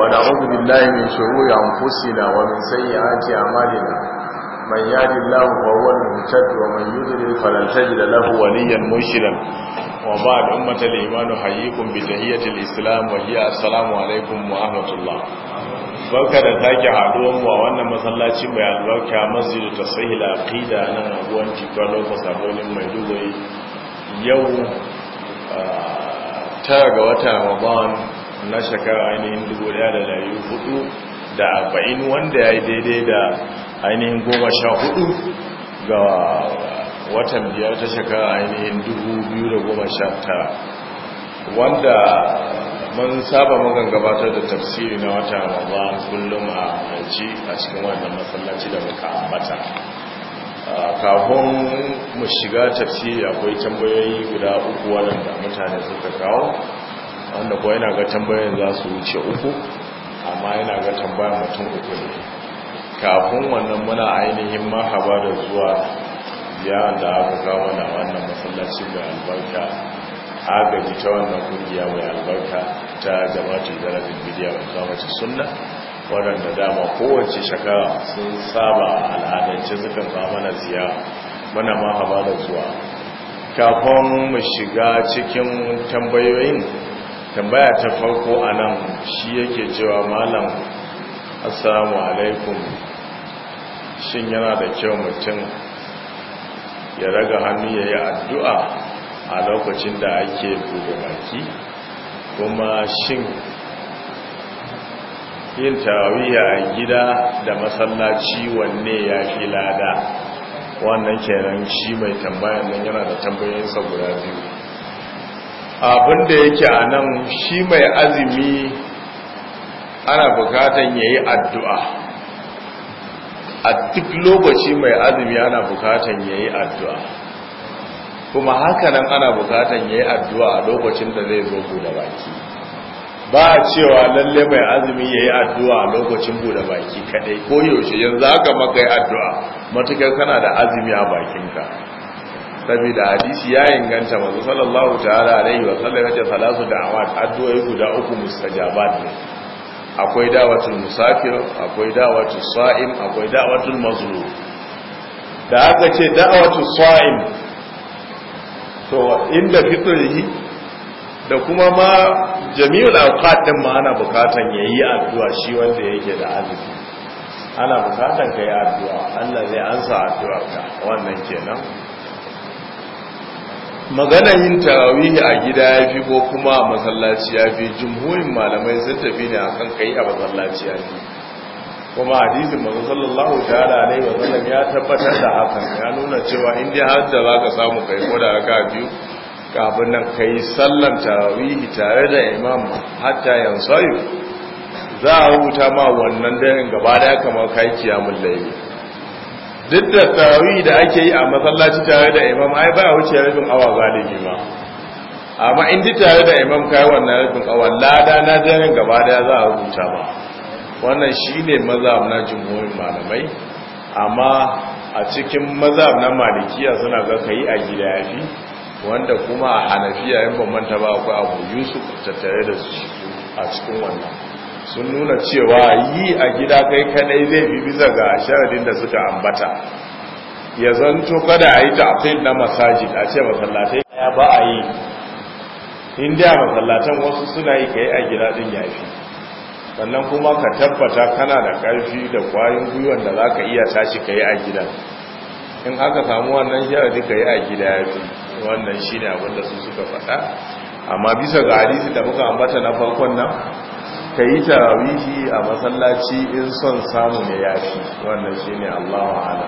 ونعوذ بالله من شرور أنفسنا ومن سيئات أعمالنا من يهد الله فهو المهتد ومن يضلل فلن تجد له وليا مرشدا وبعد أمة الإيمان حييكم بتحية الإسلام وهي السلام عليكم ورحمة الله barka da take haduwanmu a wannan masallaci mai albarka masjidu tasahil aqida nan abuwan tikwa lokacin mai dubai yau Ah, tara ga wata ramadan na shekara ainihin dubu da dari da arba'in wanda ya yi daidai da ainihin goma sha ga watan biyar ta shekara ainihin dubu biyu da goma sha tara wanda mun saba mugan gabatar da tafsiri na wata ramadan kullum a yanci a cikin wannan masallaci da muka ambata kafin mu shiga tafsi akwai tambayoyi guda uku waɗanda mutane suka kawo wanda kuwa yana ga tambayoyin za su wuce uku amma yana ga tambayar mutum uku ne kafin wannan muna ainihin mahaba da zuwa ya da aka kawo na wannan masallaci mai albarka agaji ta wannan kungiya mai albarka ta jama'atul zarafin bidiyar kamata sunna waɗanda dama kowace shakara sun saba al'adance sukan mana ziya, mana mahaba da zuwa kafin mu shiga cikin tambayoyin tambaya ta farko a nan shi yake cewa malam assalamu alaikum shin yana da kyau mutum ya raga hannu ya yi addu'a a lokacin da ake buɗe baki kuma shin yin tarawiyya a gida da masallaci wanne ya fi lada wannan kenan shi mai tambayan nan yana da tambayoyinsa guda biyu Abin da yake a nan shi mai azumi ana bukatan ya yi addu'a a duk lokaci mai azumi ana bukatan ya yi addu'a kuma hakanan ana bukatan ya yi addu'a a lokacin da zai zo da baki ba cewa lalle mai azumi ya yi addu'a lokacin bude baki kadai ko yaushe yanzu haka makai addu'a matukar kana da azumi a bakinka saboda hadisi ya inganta masu sallallahu ta'ala yi wa sallam ya ce ta addu’a yi guda uku mustajabat ne akwai da'watul musafir akwai da'watul sa'im akwai da'watul mazlum da aka ce da'watul sa'im to inda yi. da kuma ma jami'ul awqat din ma ana bukatan yayi addu'a shi wanda yake da azumi ana bukatan kai addu'a Allah zai ansa addu'a ka wannan kenan magana yin tarawih a gida yafi ko kuma a masallaci yafi jumhurin malamai sun tafi ne akan kai a masallaci yafi kuma hadisin manzo sallallahu ta'ala alaihi wa sallam ya tabbatar da hakan ya nuna cewa in dai har da zaka samu kai ko da raka biyu kafin nan ka yi sallan tarawihi tare da imam hatta yansayu za a rubuta ma wannan daren gaba da kamar ka yi kiyamun laifi duk da tarawihi da ake yi a masallaci tare da imam ai ba a wuce rabin awa galibi ba. amma in ji tare da imam kai wannan rabin awa lada na daren gaba da za a rubuta ba. wannan shine maza na jumhurin malamai amma a cikin maza na malikiya suna ga kai a gida fi. wanda kuma a hanafiya yin bambanta ba akwai abu yusuf tattare da su a cikin wannan sun nuna cewa yi a gida kai kadai zai bi bisa ga sharadin da suka ambata ya zanto kada a yi na masajid a ce masallatai ya ba a yi Indiya masallatan wasu suna yi kai a gida din fi, sannan kuma ka tabbata kana da karfi da ƙwarin gwiwan da za ka iya tashi ka yi a gida in aka samu wannan sharadin ka yi a gida ya fi wannan shi ne abinda su suka faɗa amma bisa ga hadisi da muka ambata na farkon nan ka yi tarawihi a masallaci in son samu ne ya fi wannan shi ne allahu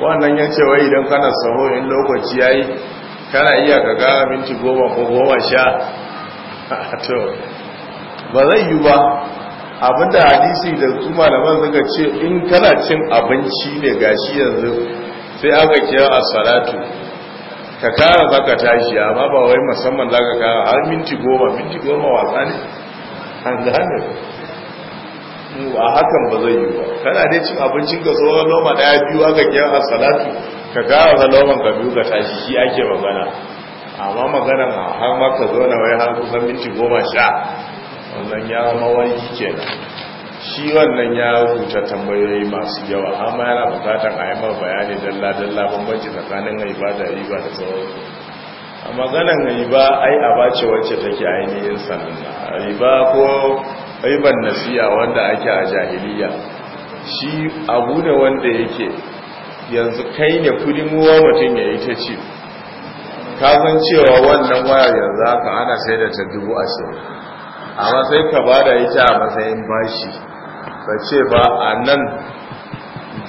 wannan ya ce wai idan kana saho in lokaci ya yi kana iya gara minti goma ko goma sha ba zai yi ba abinda hadisi da su malaman suka ce in kana cin abinci ne gashi yanzu sai aka kira a salatu ka kara zaka tashi amma ba wai musamman zaka kara har minti goma minti goma wasa ne an gane a hakan ba zai yi ba kana dai cin abincin ka tsohon noma daya biyu aka kira a salatu ka kara za loman ka biyu ka tashi shi ake magana amma maganan har ma ka zo na wai har kusan minti goma sha wannan ya mawarki kenan shi wannan ya rubuta tambayoyi masu yawa amma yana bukatar a yi bayani dalla-dalla bambanci tsakanin haiba da riba da tsawon a maganan riba ai a bace wacce take ainihin sananna riba ko riban nasiya wanda ake a jahiliya shi abu ne wanda yake yanzu kai ne kudin ruwa mutum ya yi ta ce. ka cewa wannan wayar yanzu haka ana sai da ta dubu ashirin amma sai ka ba da ita a matsayin bashi ka ce ba a nan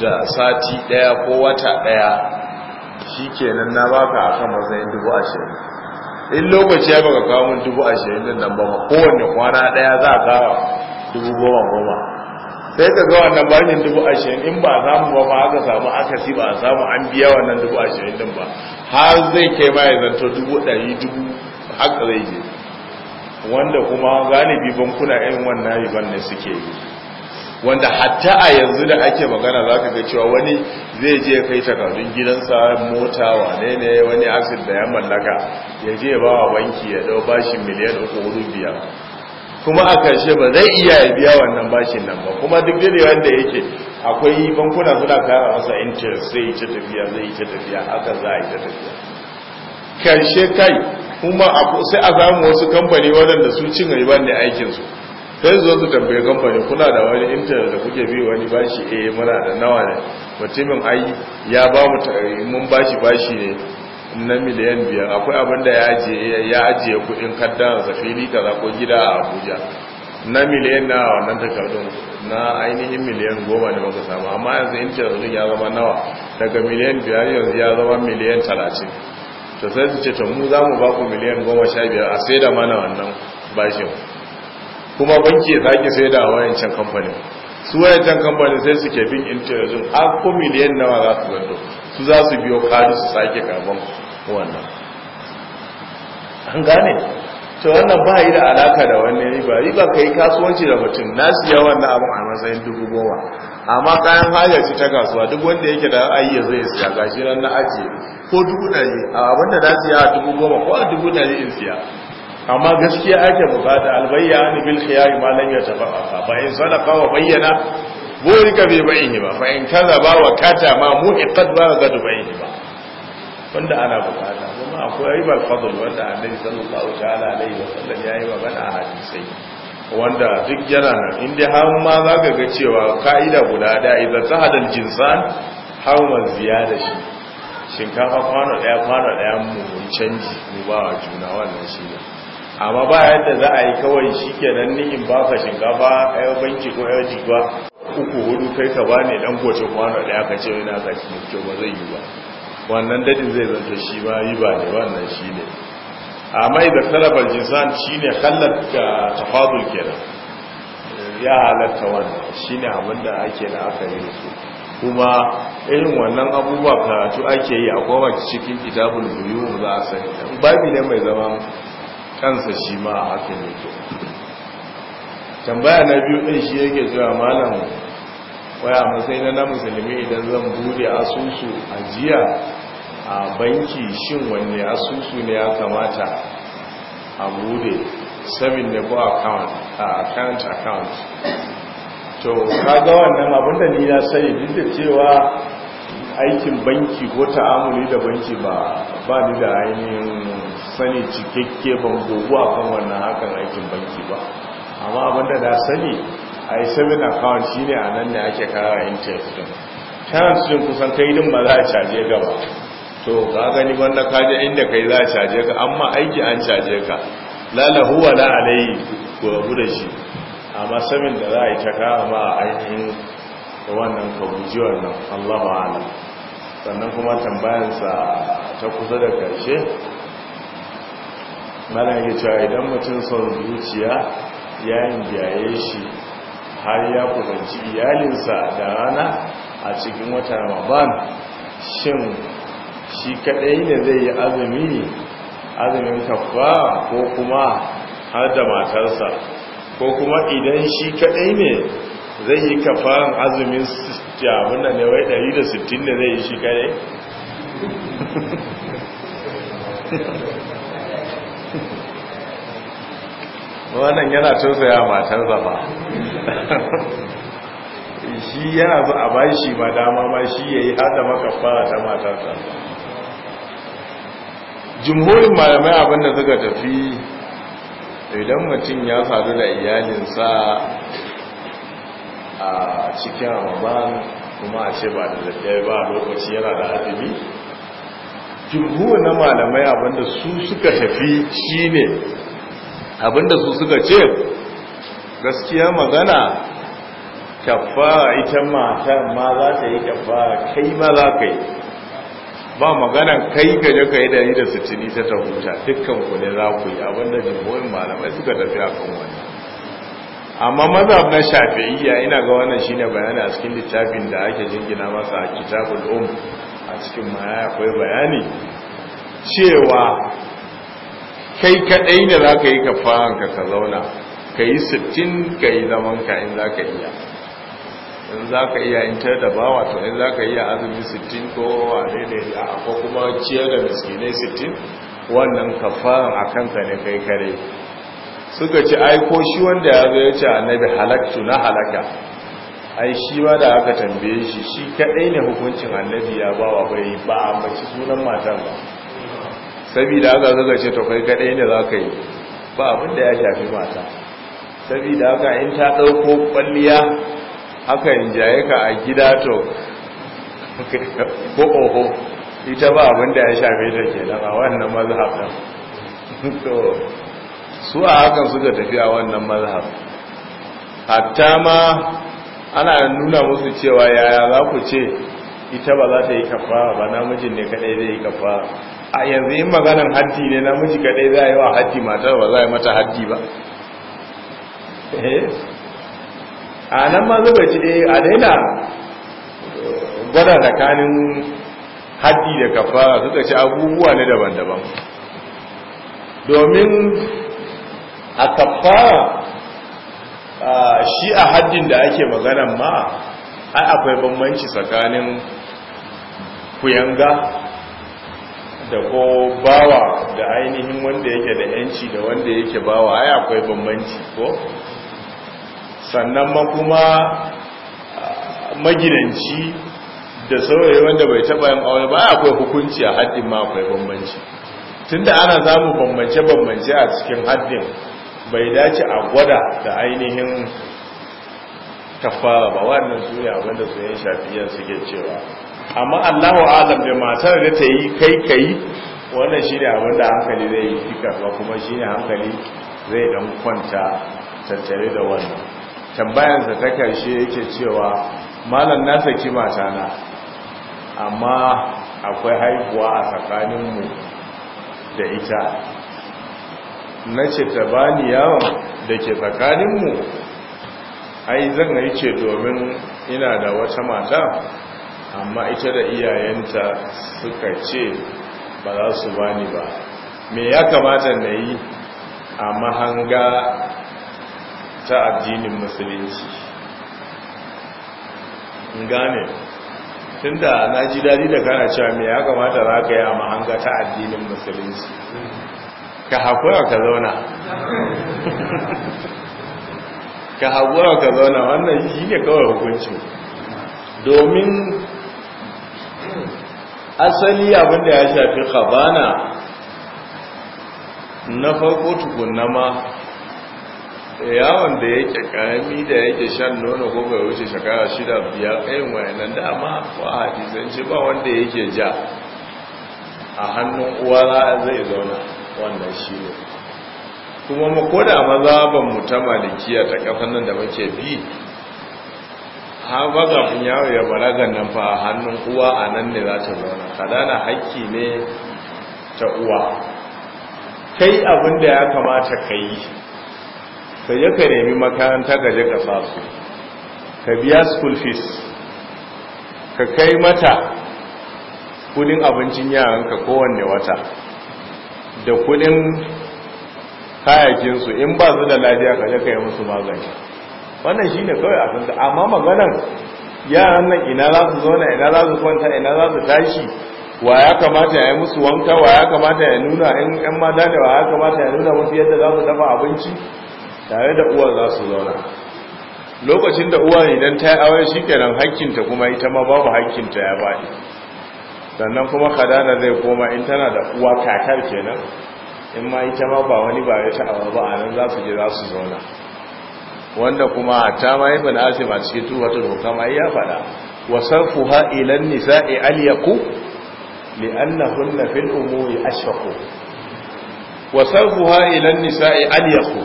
da sati daya ko wata daya shi kenan na baka a kan matsayin dubu ashirin in lokaci ya baka kawo min dubu ashirin din nan ba ma kowane kwana daya za a kawo dubu goma goma sai ka ga wannan bashin dubu ashirin in ba samu ba ma aka samu akasi ba a samu an biya wannan dubu ashirin din ba har zai kai ma ya zanto dubu ɗari dubu haka zai je wanda kuma galibi bankuna irin wannan riban ne suke yi wanda hatta a yanzu da ake magana za ka ga cewa wani zai je kai takardun gidansa mota wane ne wani asir da ya mallaka ya je ba wa banki ya dau bashin miliyan uku hudu biyar kuma a karshe ba zai iya ya biya wannan bashin nan ba kuma duk da wanda yake akwai bankuna suna kara masa interest zai yi ta tafiya zai yi ta tafiya haka za a yi ta tafiya karshe kai kuma sai a samu wasu kamfani waɗanda su cin riba ne aikinsu sai zo su tambaye kamfani kuna da wani intanet da kuke bi wani bashi eh muna da nawa ne mutumin ai ya ba mu mun bashi bashi ne na miliyan biyar akwai abin da ya ajiye kudin kaddan zafili kaza ko gida a abuja na miliyan na wannan takardun na ainihin miliyan goma ne muka samu amma yanzu intanet ya zama nawa daga miliyan biyar yanzu ya zama miliyan talatin ta sai su ce to mu za mu baku miliyan goma sha biyar a sai da mana wannan bashin kuma banki ya sake sai da wayan can kamfanin su wayan can kamfanin sai su ke bin intanetin a ah, miliyan nawa za su gando su za su biyo kadu su sake karban wannan an gane to wannan ba yi da alaka da wani riba riba ka yi kasuwanci da mutum na siya wannan abin a matsayin dubu goma amma kayan hajar ce ta kasuwa duk wanda yake da ayya zai siya shi nan na ajiye ko dubu ɗari a abin na siya a dubu goma ko a dubu ɗari in siya amma gaskiya ake bukata albayya ni bil khiyari ma lan yatafaqa fa in sadaqa wa bayyana burika bai bayni ba fa in kaza ba wa kata ma mu iqad ba ga dubai ba wanda ana bukata akwai ribar fadl wanda annabi sallallahu ta'ala alaihi wa sallam yayi magana bana hadisai wanda duk yana nan inda har ma zaka ga cewa kaida guda da idan hadal jinsan ma ziyada shi shinkafa kwano daya kwano daya mu canji mu ba wa juna wannan shi ne amma ba yadda za a yi kawai shi shikenan ni in baka shinkafa ayo banki ko ayo jigwa uku hudu kai ka bani dan goce kwano daya ka ce ina ka ci ne ba zai yi ba wannan dadin zai zanta shi ma ba ne wannan shi ne mai da talabar jinsan shi ne halatta tafadul kenan ya halatta wannan shi ne abinda ake da aka yi su kuma irin wannan abubuwa karatu ake yi a kowa cikin kitabun buyu za a sani babi ne mai zama kansa shi ma a hakan yake tambaya na biyu ɗin shi yake zuwa malam waya matsayin na musulmi idan zan bude asusu ajiya a banki shin wanne asusu ne ya kamata a bude saving ne ko account account account to kaga wannan abinda ni na sani duk da cewa aikin banki ko ta'amuli da banki ba ba ni da ainihin sani cikakke ban gogo kan wannan hakan aikin banki ba amma abinda na sani a yi account shine a nan ne ake kara interest din chance din kusan kai din ba za a caje ka to ka gani wannan ka inda kai za a caje ka amma aiki an caje ka lala huwa la alai ko rabu da shi amma sabin da za a yi ta kara ma ainihin wannan ka guji wannan Allahu a'lam sannan kuma tambayarsa ta kusa da karshe mana yake cewa idan mutum son zuciya ya biyaye shi har ya kusanci iyalinsa da rana a cikin wata ramadan shin shi kadai ne zai yi azumi azumin kafa ko kuma har da matarsa ko kuma idan shi kadai ne zai yi kafa azumin abin da ne 160 da zai yi shi kadai wannan yana tausaya matarsa ba shi yana zo a bashi ba dama ma shi ya yi hada makafara ta matarsa jimhurin malamai abinda suka tafi idan mutum ya sadu da iyalinsa a cikin ramadan kuma a ce ba da daddare ba lokaci yana da azumi jimhurin na malamai abinda su suka tafi shi ne. abinda su suka ce gaskiya magana kafara ita mata ma za ta yi kafara kai ma za ka yi ba maganan kai ka je ka yi dari da sitini ta ta huta dukkan ku ne za ku yi abinda jimborin malamai suka tafi a kan wani amma maza na shafe iya ina ga wannan shine bayani a cikin littafin da ake jingina masa a kitabul um a cikin maya akwai bayani cewa kai kadai ne za ka yi kafaranka ka zauna ka yi sittin ka yi zaman ka in za ka iya in za ka iya in tar da bawa to in za ka iya azumi sittin ko a daidai a ko kuma ciyar da miskinai sittin wannan kafaran a kanka ne kai kare suka ci ai shi wanda ya zo ya ce annabi halaktu na halaka ai shi ma da aka tambaye shi shi kadai ne hukuncin annabi ya bawa bai ba a mace sunan matan ba saboda haka zaka ce to kai kadai ne zaka yi ba abin da ya shafi mata saboda haka in ta dauko kwalliya haka in jaye ka a gida to ko oho ita ba abin da ya shafi ta da a wannan mazhab din to su a hakan suka tafi a wannan mazhab hatta ma ana nuna musu cewa yaya za ku ce ita ba za ta yi kafa ba namijin ne kadai zai yi kafa. a yanzu yin maganan hajji ne namiji kaɗai za a yi wa haddi matar ba za a yi mata haddi ba eh. a nan ma zuba ci ɗaya a daina gwada tsakanin haddi da kafa suka ci abubuwa ne daban-daban domin a kafa shi a haddin da ake maganan ma ai akwai bambanci tsakanin kuyanga da ko bawa da ainihin wanda yake da yanci da wanda yake bawa ai akwai bambanci ko sannan ma kuma ah, magidanci da saurayi wanda bai taba yin aure ba akwai hukunci a haddin ma akwai bambanci tunda ana zamu bambance bambance a cikin haddin bai dace a gwada da ainihin kafara ba wannan su ne abinda su yin shafiyan suke cewa amma Allahu azam da matar da ta yi kai kai wannan ne abin da hankali zai yi fikar ba kuma shi ne hankali zai dan kwanta tattare da wannan tambayansa ta karshe yake cewa malam na saki mata na amma akwai haihuwa a tsakaninmu da ita na ce ta bani yawon da ke tsakaninmu ai zan yi ce domin ina da wata mata amma ita da iyayenta suka ce ba za su bani ba me ya kamata na yi a mahanga ta addinin musulunci gane tunda na ji dadi da kana cewa me ya kamata za ka yi a mahanga ta addinin musulunci ka haƙura ka zauna ka haƙura ka zauna wannan shi ne kawai hukuncin domin asali abin da ya shafi khabana na farko tukunna ma yawon da yake karami da yake shan nono ko bai wuce shekara shida biyar kayan da dama ko a hadisance ba wanda yake ja a hannun uwara zai zauna wannan shi ne kuma makoda maza ban mu ta malikiya ta kafan nan da muke bi har mazafin yaro ya balaga nan fa hannun uwa a nan ne za ta zauna kadana haƙƙi ne ta uwa kai abin da ya kamata ka yi ka ka nemi makaranta ga jaka ka sa su ka biya school fees ka kai mata kudin abincin yaranka kowanne wata da kudin kayakinsu in ba su da lafiya ka jaka ka yi musu magani wannan shi ne kawai abinda amma maganar yaran nan ina za su zauna ina za su kwanta ina za su tashi wa ya kamata ya yi musu wanka wa ya kamata ya nuna in yan mata ne wa ya kamata ya nuna musu yadda za su dafa abinci tare da uwar za su zauna lokacin da uwa idan ta yi aure shi kenan hakkinta kuma ita ma babu hakkinta ya baɗi sannan kuma kadana zai koma in tana da uwa kakar kenan in ma ita ma ba wani ba ya sha'awa ba a nan za su je za su zauna wanda kuma ta ma fada ce a cikin doka hukama ya fada wa sarfuha ila an na al na li'annahunna fil umuri ashaku wa sarfuha ila an-nisa'i al-yaqu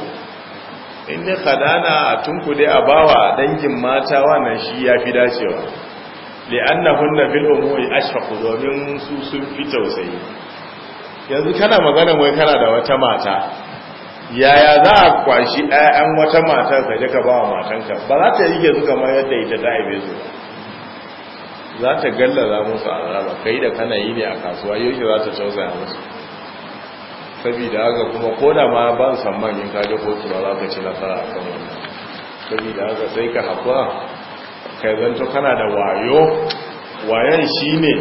inda tunku dai a bawa dangin mata wannan shi ya fi dacewa an na li'annahunna fil umuri ashaku domin su sun fi tausayi yanzu kana magana mai kana da wata mata yaya za a kwashi ɗayan wata mata ka je ka ba wa matanka ba za ta yi su kamar yadda ita ta haife su za ta gallaza musu azaba kai da kana yi ne a kasuwa yau za ta ya musu saboda haka kuma ko da ma ba san manyan kaje kotu ba za ka ci nasara a kan wannan saboda haka sai ka haƙura kai zanto kana da wayo wayan shi ne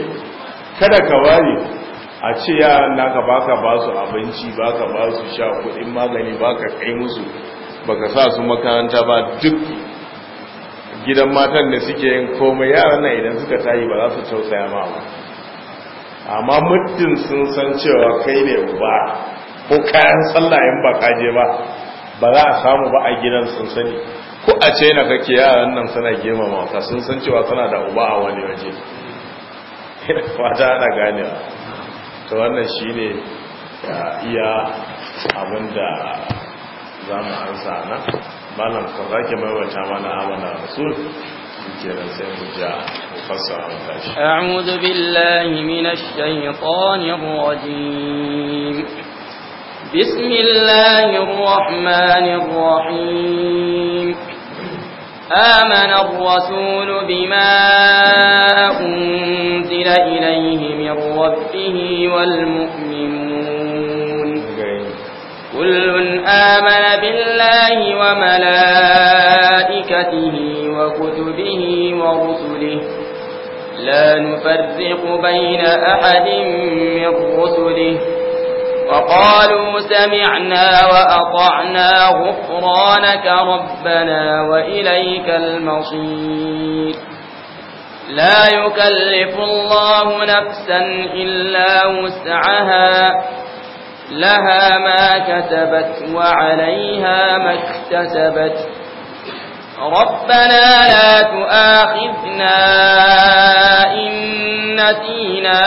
kada ka ware a ce yaran naka baka ba su abinci baka ba su sha kudin magani baka kai musu baka sa su makaranta ba duk gidan matan da suke yin komai yaran na idan suka tayi ba za su tausaya ma ba amma muddin sun san cewa kai ne uba ko kayan sallah in ba je ba ba za a samu ba a gidan sun sani ko a ce na kake yaran nan suna girmama ka sun san cewa suna da uba a wani waje ina fata ana ganewa ta wannan shi ne iya abinda za mu ansa na malam ka zake maimaita mana amana rasul أعوذ بالله من الشيطان الرجيم بسم الله الرحمن الرحيم آمن الرسول بما أنزل إليه من ربه والمؤمنون كل آمن بالله وملائكته وكتبه ورسله لا نفرق بين أحد من رسله فقالوا سمعنا وأطعنا غفرانك ربنا وإليك المصير لا يكلف الله نفسا إلا وسعها لها ما كتبت وعليها ما اكتسبت ربنا لا تؤاخذنا إن نسينا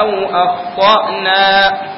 أو أخطأنا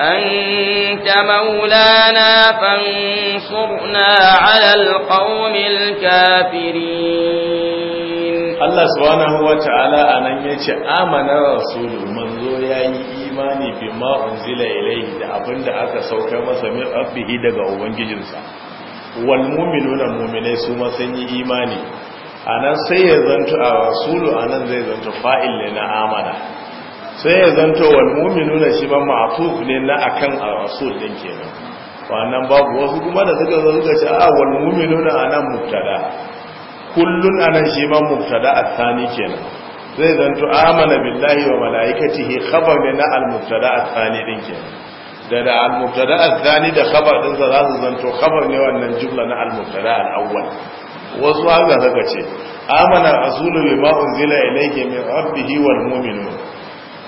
أنت مولانا فانصرنا على القوم الكافرين الله سبحانه وتعالى أن يتي آمن manzo منظور يعني imani bi ma unzila ilayhi da abinda aka sauka masa min rabbihi daga ubangijinsa wal mu'minuna mu'minai su ma sun yi imani anan sai ya zanto a rasulu anan zai zanto fa'il ne na amana sai ya zanto wal na shi ban ma'tuf ne na akan rasul din kenan wannan babu wasu kuma da suka zo suka ce a ah, wal na anan mubtada kullun anan shi ban mubtada athani kenan sai zanto amana billahi wa malaikatihi khabar ne na al mubtada athani din kenan da da al mubtada athani da khabar din sa za su zanto khabar ne wannan jumla na al mubtada al awwal wasu haka suka ce amana rasulu bima unzila ilayhi min rabbihi wal mu'minun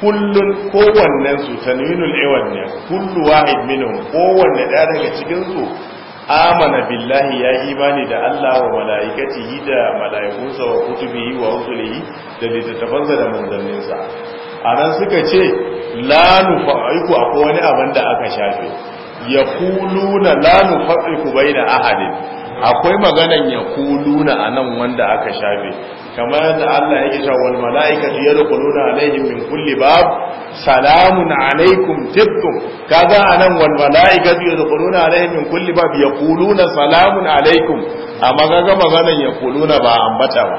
kullun kowannen su tanwinul iwan ne kullu wahid minhum kowanne ɗaya daga cikin su amana billahi ya imani da Allah wa malaikatihi da malaikunsa wa kutubihi wa rusulihi da littattafansa da manzanninsa anan suka ce la nufaiku akwai wani abin da aka shafe yaquluna la nufaiku baina ahadin akwai maganan yaquluna anan wanda aka shafe kama yadda Allah yake cewa wal mala'ikatu yadkhuluna alaihim min kulli bab salamun alaikum tibtum kaga anan wal mala'ikatu yadkhuluna alaihim min kulli bab yaquluna salamun alaikum amma kaga maganan yaquluna ba ambata ba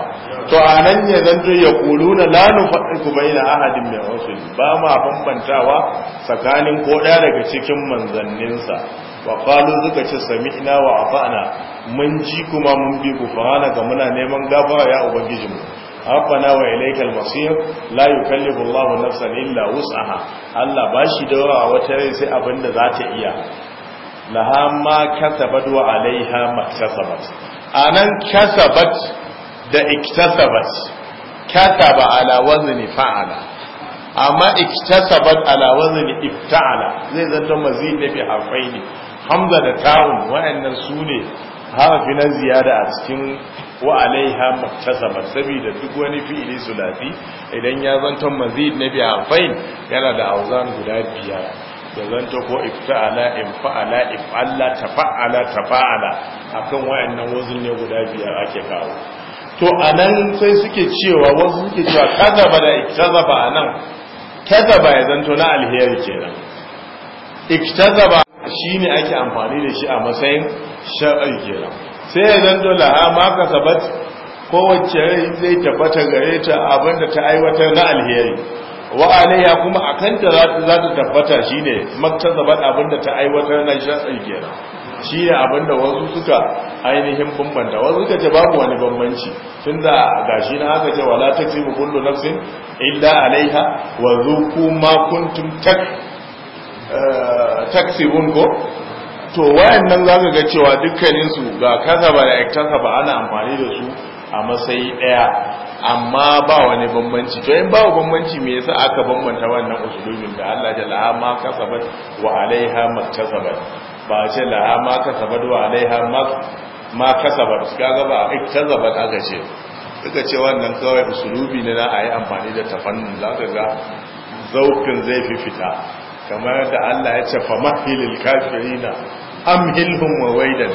to anan ne zan to yaquluna la nufarriqu baina ahadin min rusul ba ma bambantawa tsakanin ko daya daga cikin manzanninsa wa suka ce sami ina wa fa'ana mun ji kuma mun bi ku fa’ana ga muna neman gaba ya ubangijinmu rabbana wa ilaykal masir la yukallifu sanin lawus a ha. Allah bashi daura wata rai sai abinda za ta iya ha ma kasabat wa alaiha ma kasabat nan kasabat da iktasabat kasaba ala ni fa'ala amma iktasabat ala ni ifta'ala zai zanto mazi ne bi ne hamza da ta'un wa'annan su ne harafi na ziyada a cikin wa alaiha muktasaba saboda duk wani fi'ili sulafi idan ya zanto mazid na biya fain yana da auzan guda biyar da zanto ko ifta'ala infa'ala if'alla tafa'ala tafa'ala akan wayannan wazin ne guda biyar ake kawo to anan sai suke cewa wasu suke cewa kazaba da iktazaba anan kazaba ya zanto na alheri kenan iktazaba shi ne ake amfani da shi a matsayin sha'ar kenan sai ya zanto laha ma ka sabat kowace rai zai tabbatar gare ta abinda ta aiwatar na alheri wa alaiya kuma a kanta za ta tabbata shi ne maktasabat abinda ta aiwatar na sha'ar kenan shi ne abinda wasu suka ainihin bambanta wasu suka ce babu wani bambanci tun da gashi na haka ce wala ta bukullu nafsin illa alaiha wa zuku ma kuntum tak Eh, taksibun ko to wayannan zaka ga cewa dukkanin su ga kasaba da ba ana amfani da su a matsayi daya amma ba wani bambanci to in babu bambanci me yasa aka bambanta wannan usulubin da Allah jalla ma kasabat wa alaiha maktasabat ba ce la ma kasabat wa alaiha mak ma kasabat ga ba iktasabat aka ce suka ce wannan kawai usulubi ne na ayi amfani da tafannin zaka ga zaukin zai fi fita kamar da Allah ya ce famahil kafirina amhilhum wawaidan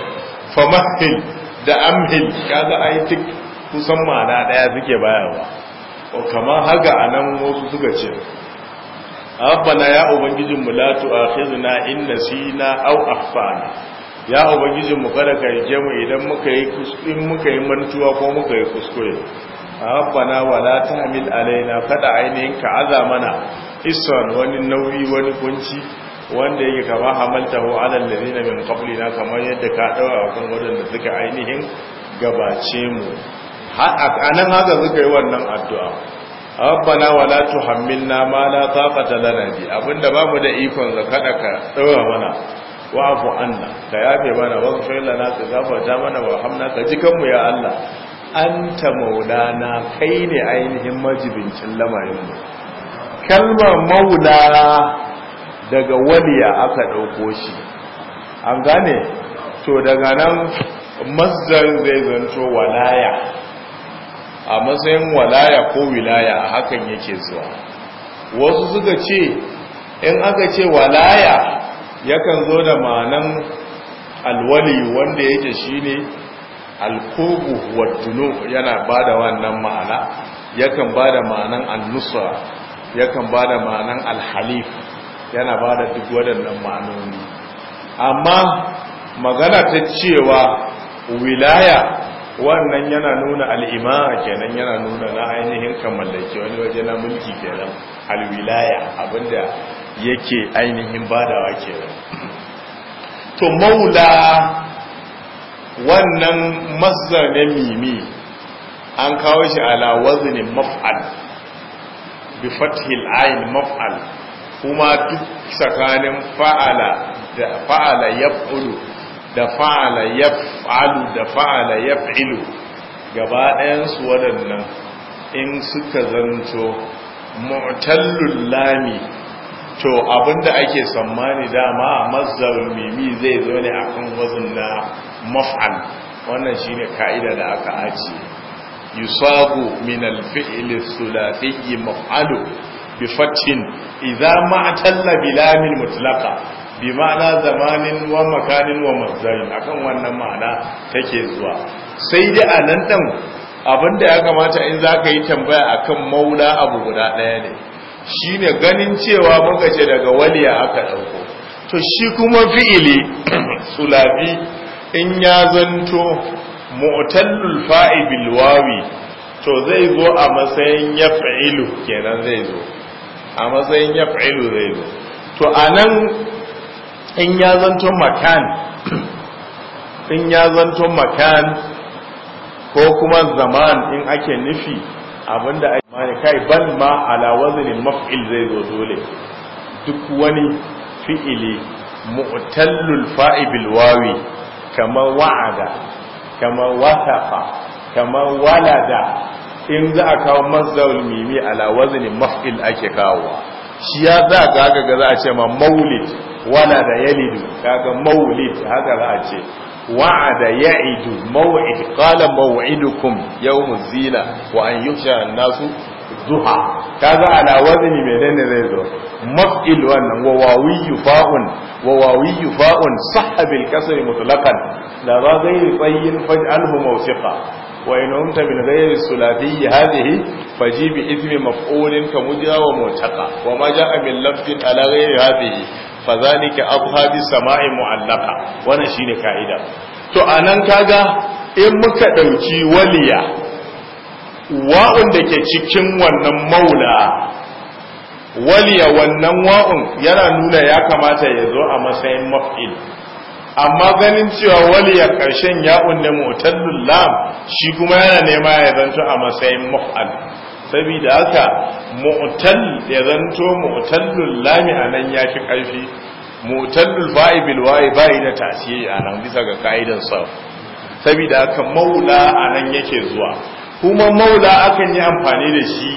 famahil da amhil kaga ai duk kusan ma'ana daya suke bayarwa ko kamar haka anan wasu suka ce rabbana ya ubangijin mu la tu'akhizna in nasina aw akhtana ya ubangijin mu kada ka rike mu idan muka yi kuskure muka yi mantuwa ko muka yi kuskure rabbana wala tahmil alaina kada ainihin ka azamana isan wani nauyi wani kunci wanda yake kama hamalta wa alal ladina min qablina kamar yadda ka daura kan wadanda suka ainihin gabace mu anan haka suka yi wannan addu'a rabbana wala tuhammilna ma la taqata lana bi abinda babu da ikon ka kada ka dawo mana wa'fu anna ka yafe mana waghfir lana ka gafarta mana warhamna ka ji kanmu ya Allah anta maulana kai ne ainihin majibincin lamarin mu kalmar maula daga waliya aka ɗauko shi an gane to daga nan mazdar zai zanto walaya a matsayin walaya ko wilaya a hakan yake zuwa wasu suka ce in aka ce walaya yakan zo da ma'anan alwali wanda yake shine alkogu wadunu yana bada wannan ma'ana yakan ba da ma'anan annusa yakan ba da ma'anan alhalif yana ba da duk waɗannan ma'anoni amma magana ta cewa wilaya wannan yana nuna al'imara kenan yana nuna na ainihin kamallake wani waje na mulki kenan alwilaya abinda yake ainihin badawa kenan to maula wannan mazar na mimi an kawo shi ala wazinin maf'al bi fathil ayin maf'al kuma duk tsakanin fa'ala da fa'ala yaf'ulu da fa'ala yaf'alu da fa'ala yaf'ilu gaba ɗayan su waɗannan in suka zanto mu'tallul lami to abinda ake sammani dama mazzarul mimi zai zo ne akan wazin na maf'al wannan shine ka'ida da aka ajiye yusabu minal al-fi'l al-thulathi maf'alu bi fathin idza bi lam ma'ana zamanin wa wa mazdarin akan wannan ma'ana take zuwa sai dai a nan abin da ya kamata in zaka yi tambaya akan maula abu guda ɗaya ne shine ganin cewa muka ce daga waliya aka ɗauko to shi kuma fi'ili sulafi in ya zanto mu'tallul fa'i bil wawi to zai zo a matsayin yaf'ilu kenan zai zo a matsayin yaf'ilu zai zo to anan in ya zanto makan in ya zanto makan ko kuma zaman in ake nufi abinda ake mani kai ban ma ala wazinin maf'il zai zo dole duk wani fi'ili mu'tallul fa'i bil wawi kamar wa'ada kamar wasafa kamar walada in za a kawo mazdar mimi ala wazinin maf'il ake kawowa shi ya za ga haka za a ce ma maulid walada yalidu kaga maulid haka za a ce wa'ada ya'idu maw'id qala maw'idukum yawmuz zina wa an yushara an-nasu zuha kaga ala wazni menene zai zo maf'il wannan wa wawiyyu fa'un wa wawiyyu fa'un sahha bil kasri mutlaqan la ba ghayri qayyin faj'alhu mawsiqa wa in umta bil ghayri sulati hadhihi faji bi maf'ulin ka mujra mutaqa wa ma ja'a bil lafzi ala ghayri hadhihi fadhalika abha bi sama'i mu'allaqa wannan shine ka'ida to anan kaga in muka dauki waliya wa'un da ke cikin wannan maula waliya wannan wa'un yana nuna ya kamata ya zo a matsayin maf'il amma ganin cewa waliya ƙarshen ya'un da mutallul lam shi kuma yana nema ya zanto a matsayin maf'al saboda haka mu'tal ya zanto mu'tallul lami nan ya fi ƙarfi mutallul fa'i bil wa'i bai da tasiri a nan bisa ga ka'idan sa saboda haka maula anan yake zuwa kuma maula akan yi amfani da shi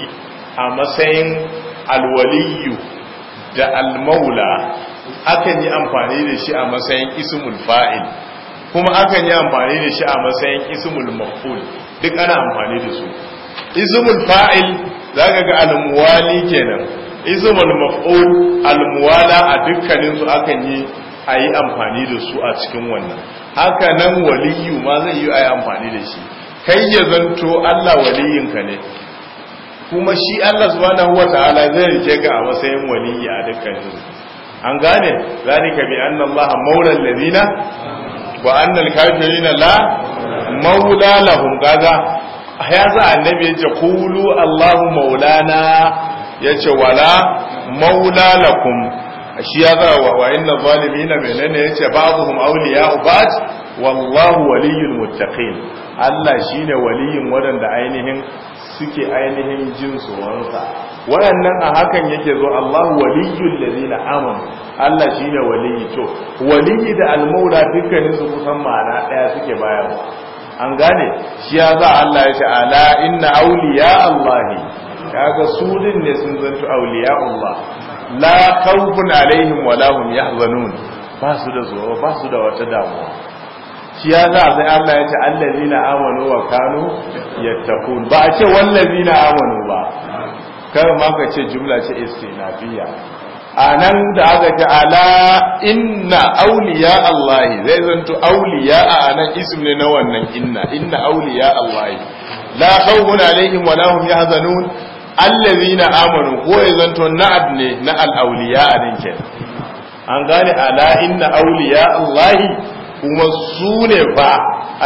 a matsayin alwaliyu da almaula akan yi amfani da shi a matsayin ismul fa'il kuma akan yi amfani da shi a matsayin ismul maf'ul duk ana amfani da su ismul fa'il zaka ga almuwali kenan ismul maf'ul almuwala a dukkanin su akan yi ayi amfani da su a cikin wannan haka nan waliyu ma zai yi ayi amfani da shi kai ya zanto Allah waliyinka ne kuma shi Allah subhanahu ta'ala zai rike ka a matsayin waliyi a dukkanin an gane zalika bi anna Allah maula allazina wa anna al-kafirina la maula lahum kaza ya za annabi ce qulu Allahu maulana ce wala maula lakum shi ya za wa inna zalimina menene ya ce ba'dhum awliya'u ba'd wallahu waliyyul muttaqin Allah shi ne waliyin waɗanda ainihin suke ainihin jin tsoronsa waɗannan a hakan yake zo Allah da zina amanu Allah shi ne waliyi to waliyi da almura dukkanin su kusan ma'ana ɗaya suke bayarwa an gane shi ya za Allah ya ce ala inna auliya Allah kaga su din ne sun zanto auliya Allah la khawfun alaihim wa lahum yahzanun ba su da tsoro ba su da wata damuwa shi ya za sai Allah ya ce na amanu wa kanu yattaqun ba a ce wallazina amanu ba kar ma ka ce jumla ce biya. A nan da aka ce ala inna auliya Allah zai zanto auliya a anan isim ne na wannan inna inna auliya Allah la khawfun alaihim wa lahum yahzanun allazina amanu ko ya zanto na'ad ne na al a din ke an gane ala inna auliya Allah kuma su ne fa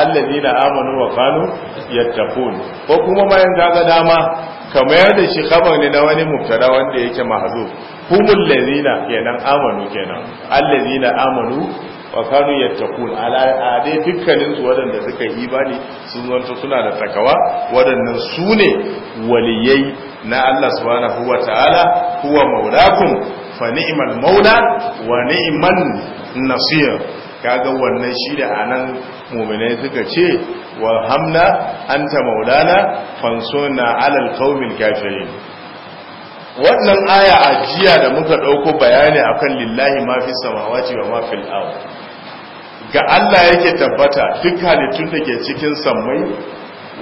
allazina amanu wa ya yattaqun ko kuma bayan kaga dama kamar da shi kamar ne na wani mubtada wanda yake mahzuf humul ladina kenan amanu kenan allazina amanu wa kanu yattaqun al'ade dukkanin su wadanda suka yi bani sun suna da takawa wadannan su ne waliyai na Allah subhanahu wa ta'ala huwa maulakum fa ni'mal maula wa ni'man nasir kaga wannan shi da anan mu'minai suka ce wa hamna anta maulana fansona alal qaumil kafirin wannan aya a jiya da muka ɗauko bayani akan lillahi ma fi samawati wa ma fil ard ga Allah yake tabbata duk halittun da ke cikin sammai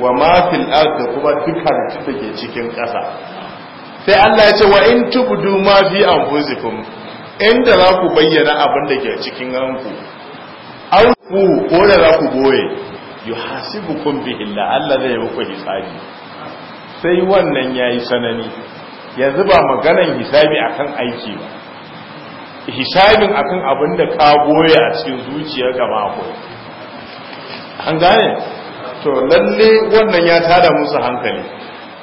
wa ma fil ard da kuma duk halittun da ke cikin ƙasa sai Allah ya ce wa in tubdu ma fi anfusikum inda za ku bayyana abin da ke cikin hanku ku ko da za ku boye yuhasibukum da Allah zai muku hisabi sai wannan ya yi sanani yanzu ba maganan hisabi akan aiki ba hisabin akan abin da ka boye a cikin zuciyar ga mako an gane to lalle wannan ya tada musu hankali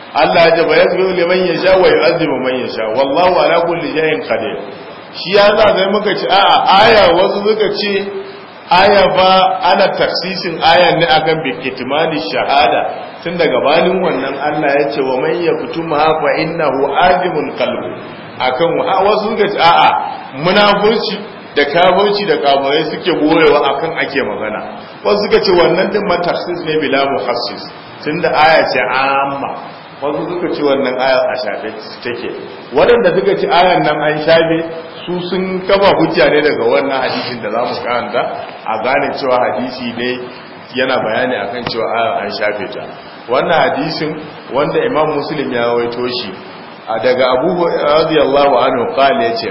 Allah ya jaba yazbiru liman sha wa azima man sha. wallahu ala kulli shay'in qadir shi ya za zai muka ci a'a aya wasu suka ce aya ba ana tafsirin ayan ne akan bikitimani shahada tun daga banin wannan Allah ya ce wa man ma fa innahu alimun qalbu akan wasu ga a'a munafurci da kafirci da kafirai suke boyewa akan ake magana wasu suka ce wannan din ma taksis ne bila Tun da aya ce amma wasu suka ce wannan aya a shafe take waɗanda suka ce ayan nan an shafe su sun kafa hujja ne daga wannan hadisin da za mu karanta a gane cewa hadisi ne yana bayani akan cewa an shafe ta wannan hadisin wanda imam muslim ya waito shi daga abu radiyallahu anhu qala ce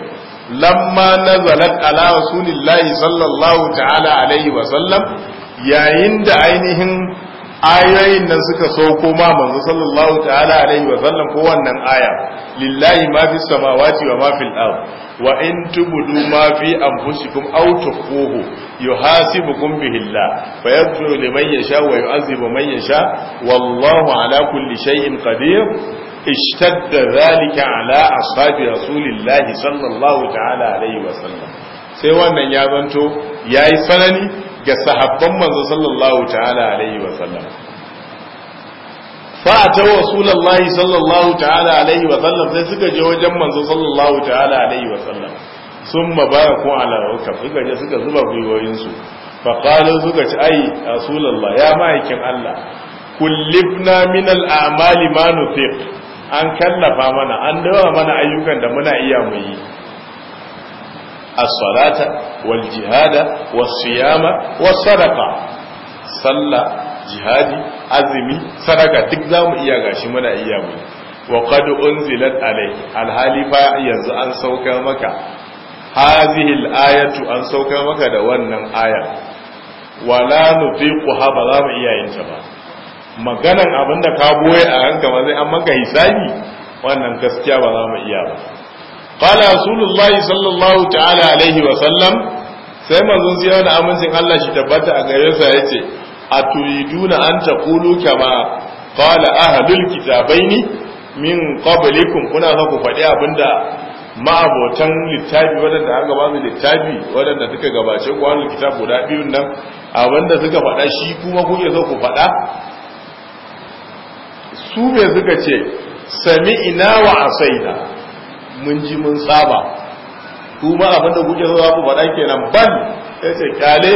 lamma nazalat ala rasulillahi sallallahu ta'ala alaihi wa sallam yayin da ainihin ayoyin nan suka sauko ma manzo sallallahu ta'ala alaihi wa sallam ko wannan aya lillahi ma fis samawati wa ma fil ard wa in tubudu ma fi anfusikum aw tukhfuhu yuhasibukum bihi Allah fa yaghfiru liman yasha wa yu'adhibu man yasha wallahu ala kulli shay'in qadir اشتد ذلك ala ashabi رسول الله صلى alaihi wa sallam. sai wannan ya zanto yayi sanani ga sahabban manzo sallallahu ta'ala alaihi wa sallam fa ta rasulullahi sallallahu ta'ala alaihi wa sallam sai suka je wajen manzo sallallahu ta'ala alaihi wa sallam Sun baraku ala rukab suka je suka zuba gwiwoyin su fa qalu suka ci ai rasulullah ya ma'aikin Allah kullibna min al-a'mali ma nufiq an kallafa mana an dawa mana ayyukan da muna iya mu yi as-salata wal jihada was siyama was sadaqa sallah jihadi azumi sadaka duk zamu iya gashi muna iya mu wa qad unzilat alai alhali fa yanzu an sauka maka hadhihi al-ayatu an sauka maka da wannan aya wala nutiquha ba za mu iya yin ta ba maganan abinda ka boye a ranka ma zai an maka hisabi wannan gaskiya ba za mu iya ba qala rasulullahi sallallahu ta'ala alaihi wa sallam sai manzon sai da amincin Allah shi tabbata a gare sa yace aturiduna an taqulu kama qala ahlul kitabaini min qablikum kuna so ku faɗi abinda ma'abotan littafi waɗanda aka ba su littafi waɗanda suka gabace ku wani kitab guda biyun nan abinda suka faɗa shi kuma kuke so ku faɗa su me suka ce sami sami'ina wa asaina mun ji mun saba kuma abin da kuke zuwa ku faɗa kenan ban ya ce kyale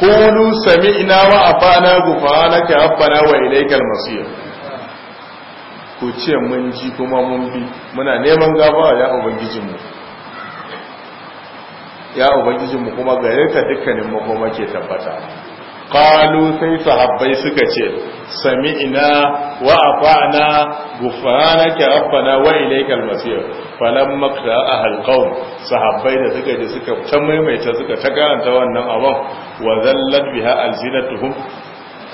kulu sami'na wa afana gufanaka rabbana wa ilaikal masir ku ce mun ji kuma mun bi muna neman gafara ya ubangijinmu ya ubangijinmu kuma gare ka dukkanin makoma ke tabbata qalu sai sahabbai suka ce sami'na wa ata'na ghufranaka rabbana wa ilaykal masir falamma qara'a alqawm sahabbai da suka ji ta maimaita suka ta karanta wannan abun wa zallat biha alzinatuhum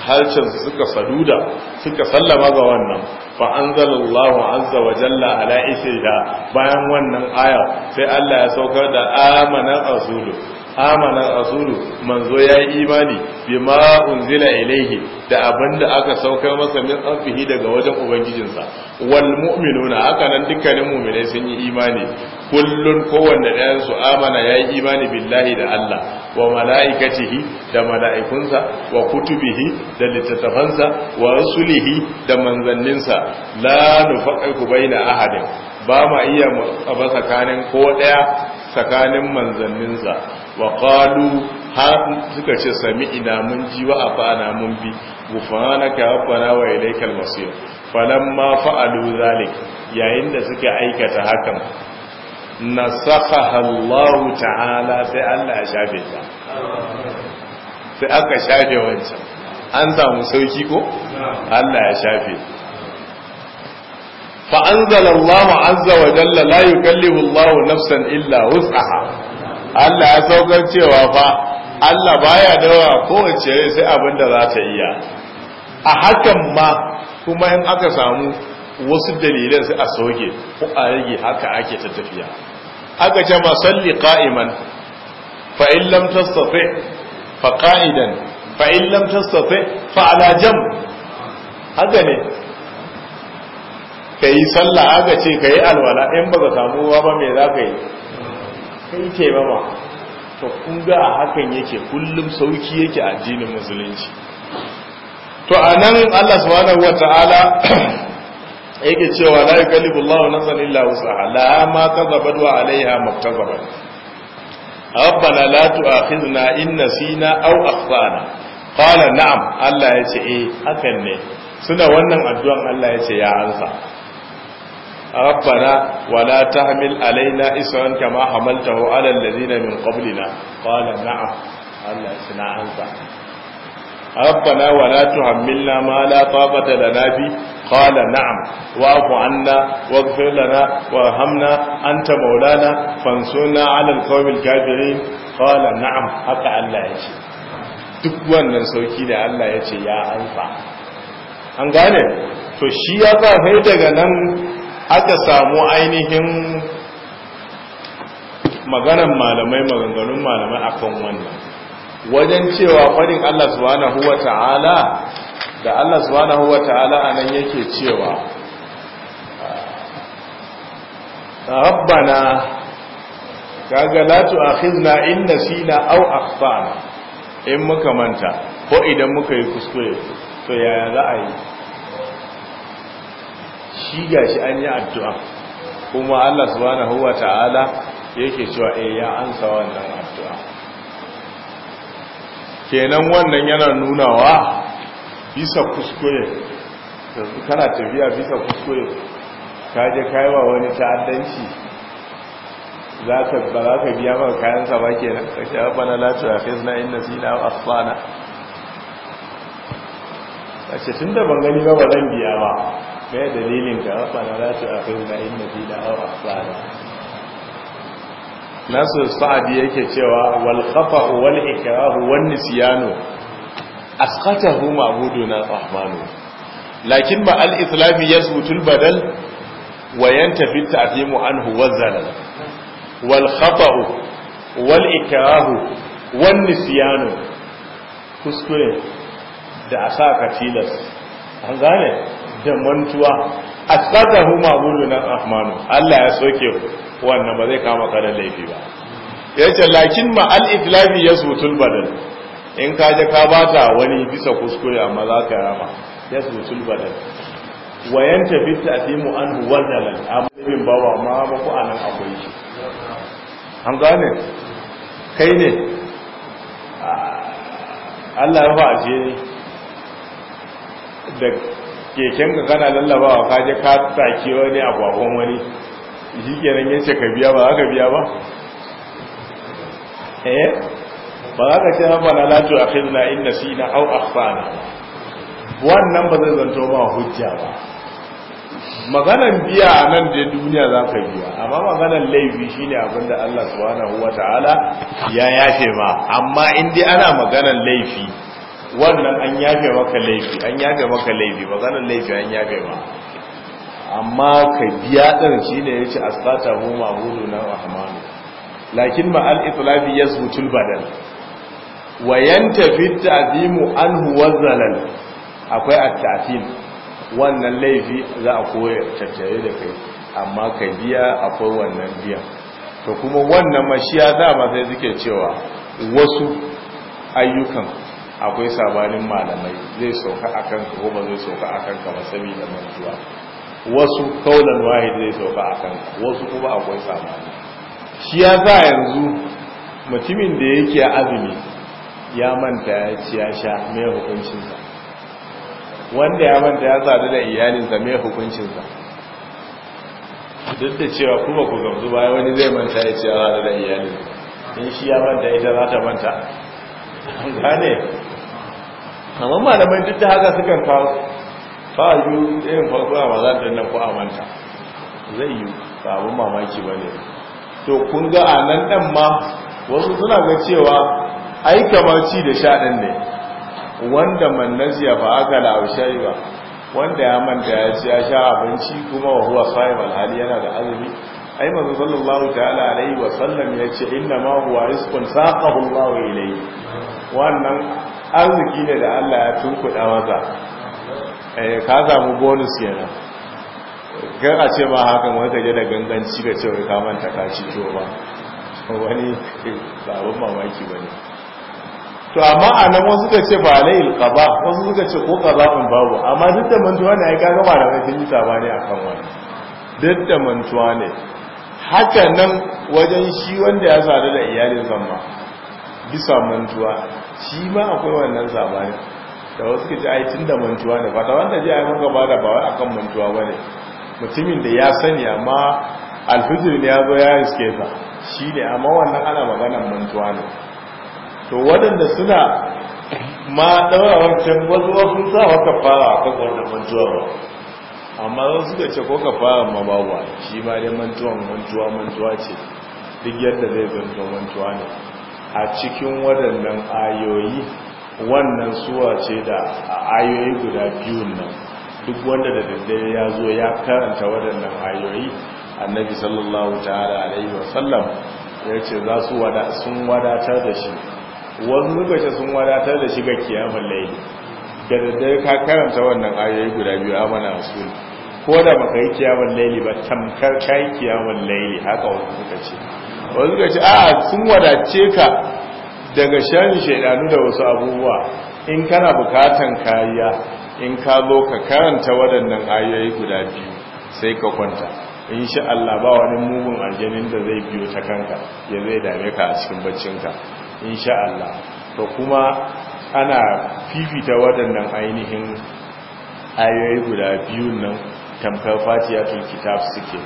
halcin suka saduda suka sallama ga wannan fa anzalallahu azza wa jalla ala isida bayan wannan aya sai Allah ya saukar da amanar rasulu amana rasulu manzo ya yi imani bima unzila ilaihi da abinda aka saukar masa min rabbihi daga wajen ubangijinsa wal mu'minuna haka nan dukkanin mu'minai sun yi imani kullun kowanne ɗayan su amana ya yi imani billahi da Allah wa mala'ikatihi da mala'ikunsa wa kutubihi da littattafansa wa rusulihi da manzanninsa la nufaqqu baina ahadin ba ma iya mu tsakanin ko ɗaya tsakanin manzanninsa wa qalu har suka ce sami ina mun ji wa afana mun bi gufanaka rabbana wa ilaykal masir falamma fa'alu zalik yayin da suka aikata hakan nasakha Allah ta'ala sai Allah ya shafe ta sai aka shafe wancan an samu sauki ko Allah ya shafe fa anzala Allah azza wa jalla la yukallifu Allah nafsan illa wus'aha Allah ya saukar cewa fa Allah baya dawa kowace rai sai abin da za ta iya a hakan ma kuma in aka samu wasu dalilan sai a soke ko a rage haka ake ta tafiya aka ce ma salli qa'iman fa in lam tastati fa qa'idan fa in lam tastati fa ala jam haka ne kai sallah aka ce kai alwala in baka samu ruwa ba me za ka yi kai ba to kun ga hakan yake kullum sauki yake a addinin musulunci to a nan Allah subhanahu ta'ala yake cewa la yukallifu Allahu nafsan illa wus'aha la ma zabar wa 'alayha maktasabat rabbana la tu'akhidhna in nasina aw akhtana qala na'am Allah yace eh hakan ne suna wannan addu'an Allah yace ya ansa ربنا ولا تحمل علينا إسرا كما حملته على الذين من قبلنا قال نعم قال سنا عنك ربنا ولا تحملنا ما لا طاقة لنا به قال نعم واعف عنا واغفر لنا وارحمنا أنت مولانا فانصرنا على القوم الكافرين قال نعم حتى الله يشهد duk wannan sauki da Allah ya ce ya haifa an gane to shi ya sa sai daga nan aka samu ainihin maganan malamai maganganun malamai akan wannan wajen cewa faɗin Allah subhanahu wa da Allah subhanahu wa a nan yake cewa rabbana kaga la tu'akhizna in nasina aw akhtana in muka manta ko idan muka yi kuskure to yaya za a yi shi shi an yi addu'a kuma Allah subhanahu wa ta'ala yake cewa e ya ansa wannan addu'a kenan wannan yana nunawa bisa kuskure kana tafiya bisa kuskure ka je kaiwa wani ta'addanci za ka biya ba kayan sa ba kenan ka ce bana na tu'akhizna fes na aw akhtana a ce tun da ban gani ba ba zan biya ba mai dalilin da ga rabbana la tu'akhidna in nasina aw akhtana nasu sa'adi yake cewa wani wal khafa'u wal ikrahu wan nisyanu asqatahu na rahmanu lakin ba al islam yasbutul badal wa tafi ta'zimu anhu wazalal wal khafa'u wani ikrahu wan nisyanu kuskure da asa ka tilas an gane da mantuwa gudu nan rahmanu Allah ya soke wannan ba zai kama ka da laifi ba Ya ce lakin ma al iflami yasutul badal in ka je ka bata wani bisa kuskure amma za ka rama yasutul badal wayan tafi ta'timu anhu wadalan amin bawa ma ba ku anan akwai shi an gane kai ne Allah ya ba a ce da keken ka kana lallabawa ka je ka sake wani a bakon wani shi kenan yace ka biya ba za ka biya ba eh ba za ka ce ha bana la a akhidna in si na akhfana wannan ba zai zanto ba hujja ba maganan biya a nan da duniya za ka biya amma maganan laifi shine abin da Allah subhanahu wataala ya yafe ma amma in dai ana maganan laifi wannan an yafe maka laifi an yafe maka laifi maganar laifi an yafe ba amma ka biya din shine yace sata mu mabudu na rahmanu lakin ma al itlabi yazbutul badal wa yantafi ta'zimu anhu zalal akwai at-ta'zim wannan laifi za a koya tattare da kai amma ka biya akwai wannan biya to kuma wannan mashiya ba sai suke cewa wasu ayyukan akwai sabanin malamai zai sauka a kanka ko ba zai sauka a kanka ba saboda mantuwa wasu kaulan wahid zai sauka a kanka wasu kuma akwai sabani shi ya za yanzu mutumin da yake azumi ya manta ya ci ya sha mai hukuncinsa wanda ya manta ya sadu da iyalinsa mai hukuncinsa duk da cewa kuma ku gamsu baya wani zai manta ya ci ya sadu da iyalinsa in shi ya manta ita za ta manta gane amma malamai duk da haka sukan kawo yi irin farko a maza da nan ko a manta zai yi sabon mamaki ba ne to kun ga a nan ɗan ma wasu suna ga cewa ai kamar ci da sha ɗan ne wanda mannaziya ba aka yi ba wanda ya manta ya ce ya sha abinci kuma wa huwa sa'im alhali yana da azumi ai manzo sallallahu ta'ala alaihi wa sallam ya ce inna ma huwa rizqun saqahu Allahu ilayhi wannan arziki ne da Allah ya tunkuɗa maza eh, ka zamu bonus yana gan a ce ma hakan wata gida ganganci da cewa ka manta ka ci to ba wani babban mamaki ba ne to amma a nan wasu ka ce ba na ba wasu suka ce ko in babu amma duk da mantuwa ne ya kaga ba da mafi yi ba ne a kan wani duk da mantuwa ne haka nan wajen shi wanda ya sadu da iyalin zamba bisa mantuwa shi ma akwai wannan zamani, da wasu ke ci a tun da mantuwa ne fata wanda ji a yi gaba da a akan mantuwa ba ne mutumin da ya sani amma alfijir ne ya zo ya riske ta shi ne amma wannan ana maganan mantuwa ne to waɗanda suna ma ɗaura wancan wasu wasu sa ka fara a kan wannan mantuwa ba amma wasu suka ce ko ka fara ma bawa shi ba dai mantuwa mantuwa mantuwa ce duk yadda zai zanto mantuwa ne a cikin waɗannan ayoyi wannan suwa ce da a ayoyi guda biyun nan duk wanda da daddare ya zo ya karanta waɗannan ayoyi annabi sallallahu ta'ala alaihi wasallam ya ce za su sun wadatar da shi wani lokaci sun wadatar da shi ga kiyamun laili da daddare ka karanta wannan ayoyi guda biyu amana su ko da baka yi kiyamun laili ba tamkar yi kiyamun laili haka wani suka ce Wasu ga ce a sun wadace ka daga shani shaidanu da wasu abubuwa in kana bukatan kariya in ka zo ka karanta waɗannan ayoyi guda biyu sai ka kwanta in sha Allah ba wani mugun aljanin da zai biyo ta kanka ya zai dame ka a cikin baccinka in sha Allah to kuma ana fifita waɗannan ainihin ayoyi guda biyu nan tamkar tun kitab suke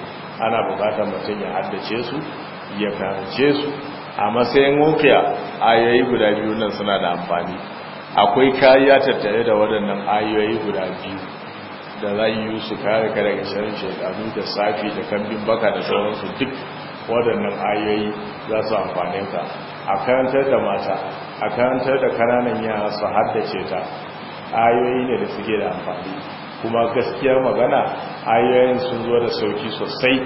ana bukatar mutum ya haddace su ya karance su a matsayin wakiya ayoyi guda biyu nan suna da amfani akwai kariya tattare da waɗannan ayoyi guda biyu da za yi su kare kare ga shirin shekaru da safi da kambin baka da sauransu duk waɗannan ayoyi za su amfani ka a karantar da mata a karantar da kananan yara su haddace ta ayoyi ne da suke da amfani kuma gaskiyar magana ayoyin sun zo da sauki sosai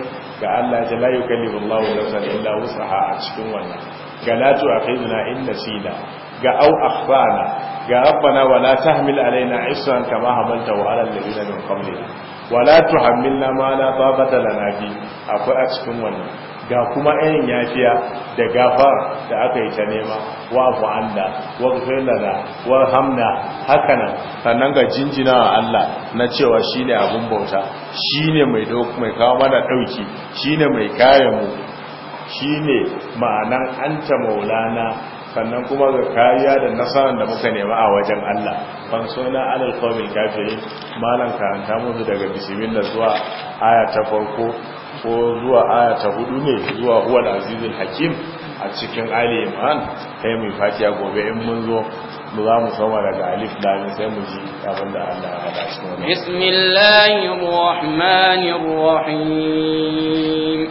ga Allah jalla yukallimu Allahu nafsan illa wusaha a cikin wannan galatu aqiduna inda sina ga au akhbana ga rabbana wala tahmil alaina isran kama hamalta wa ala alladhina min qablina wala tuhammilna ma la taqata lana bi akwai a cikin wannan ga kuma ayin yafiya da gafar da aka yi ta nema wa abu Allah, wa gfirlana wa hamna hakanan sannan ga jinjina wa Allah na cewa shi ne abun bauta shi ne mai kawo mana dauki ne mai kare mu shine ma'anan ta maulana sannan kuma ga kariya da nasarar da muka nema a wajen Allah fansona alal kawai kafirin malan karanta musu daga da zuwa aya ta farko ko zuwa aya ta hudu ne zuwa huwal azizul hakim a cikin ali imran sai mu fatiya gobe in mun zo mu za mu soma daga alif da sai mu ji abin da Allah ya faɗa cikin wannan bismillahir rahmanir rahim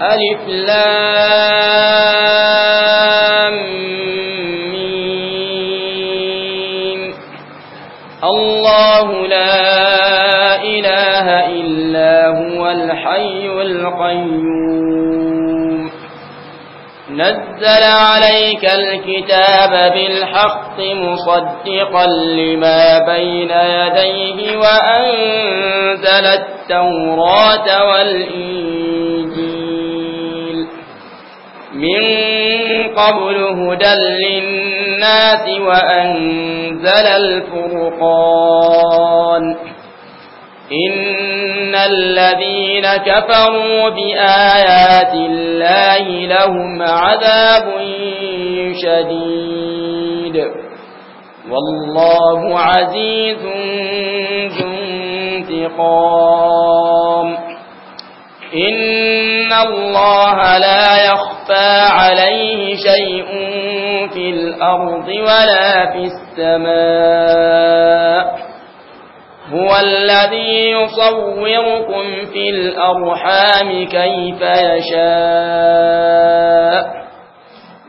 alif lam mim Allahu la إله إلا هو الحي القيوم نزل عليك الكتاب بالحق مصدقا لما بين يديه وأنزل التوراة والإنجيل من قبل هدى للناس وأنزل الفرقان إن الذين كفروا بآيات الله لهم عذاب شديد والله عزيز ذو انتقام إن الله لا يخفى عليه شيء في الأرض ولا في السماء هو الذي يصوركم في الأرحام كيف يشاء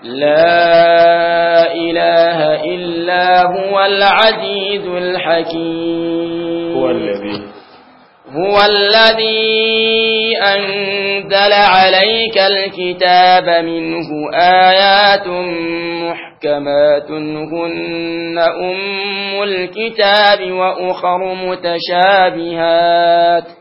لا إله إلا هو العزيز الحكيم هو الذي هو الذي أنزل عليك الكتاب منه آيات محكمات هن أم الكتاب وأخر متشابهات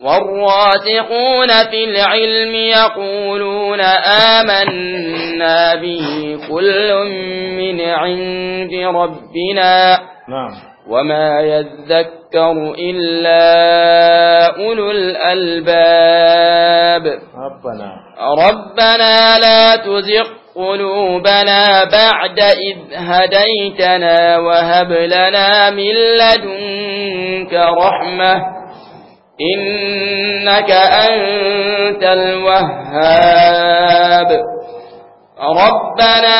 والراسخون في العلم يقولون آمنا به كل من عند ربنا نعم وما يذكر إلا أولو الألباب ربنا ربنا لا تزغ قلوبنا بعد إذ هديتنا وهب لنا من لدنك رحمة إنك أنت الوهاب ربنا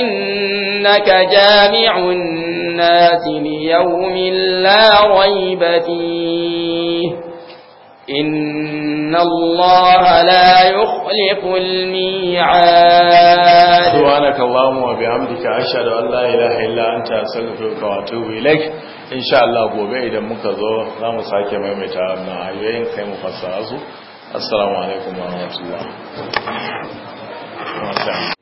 إنك جامع الناس ليوم لا ريب فيه إن الله لا يخلق الميعاد سبحانك اللهم وبحمدك أشهد أن لا إله إلا أنت أستغفرك وأتوب إليك insha Allah gobe idan muka zo za mu sake maimaita wannan ayoyin kai mu fassara su assalamu alaikum wa rahmatullah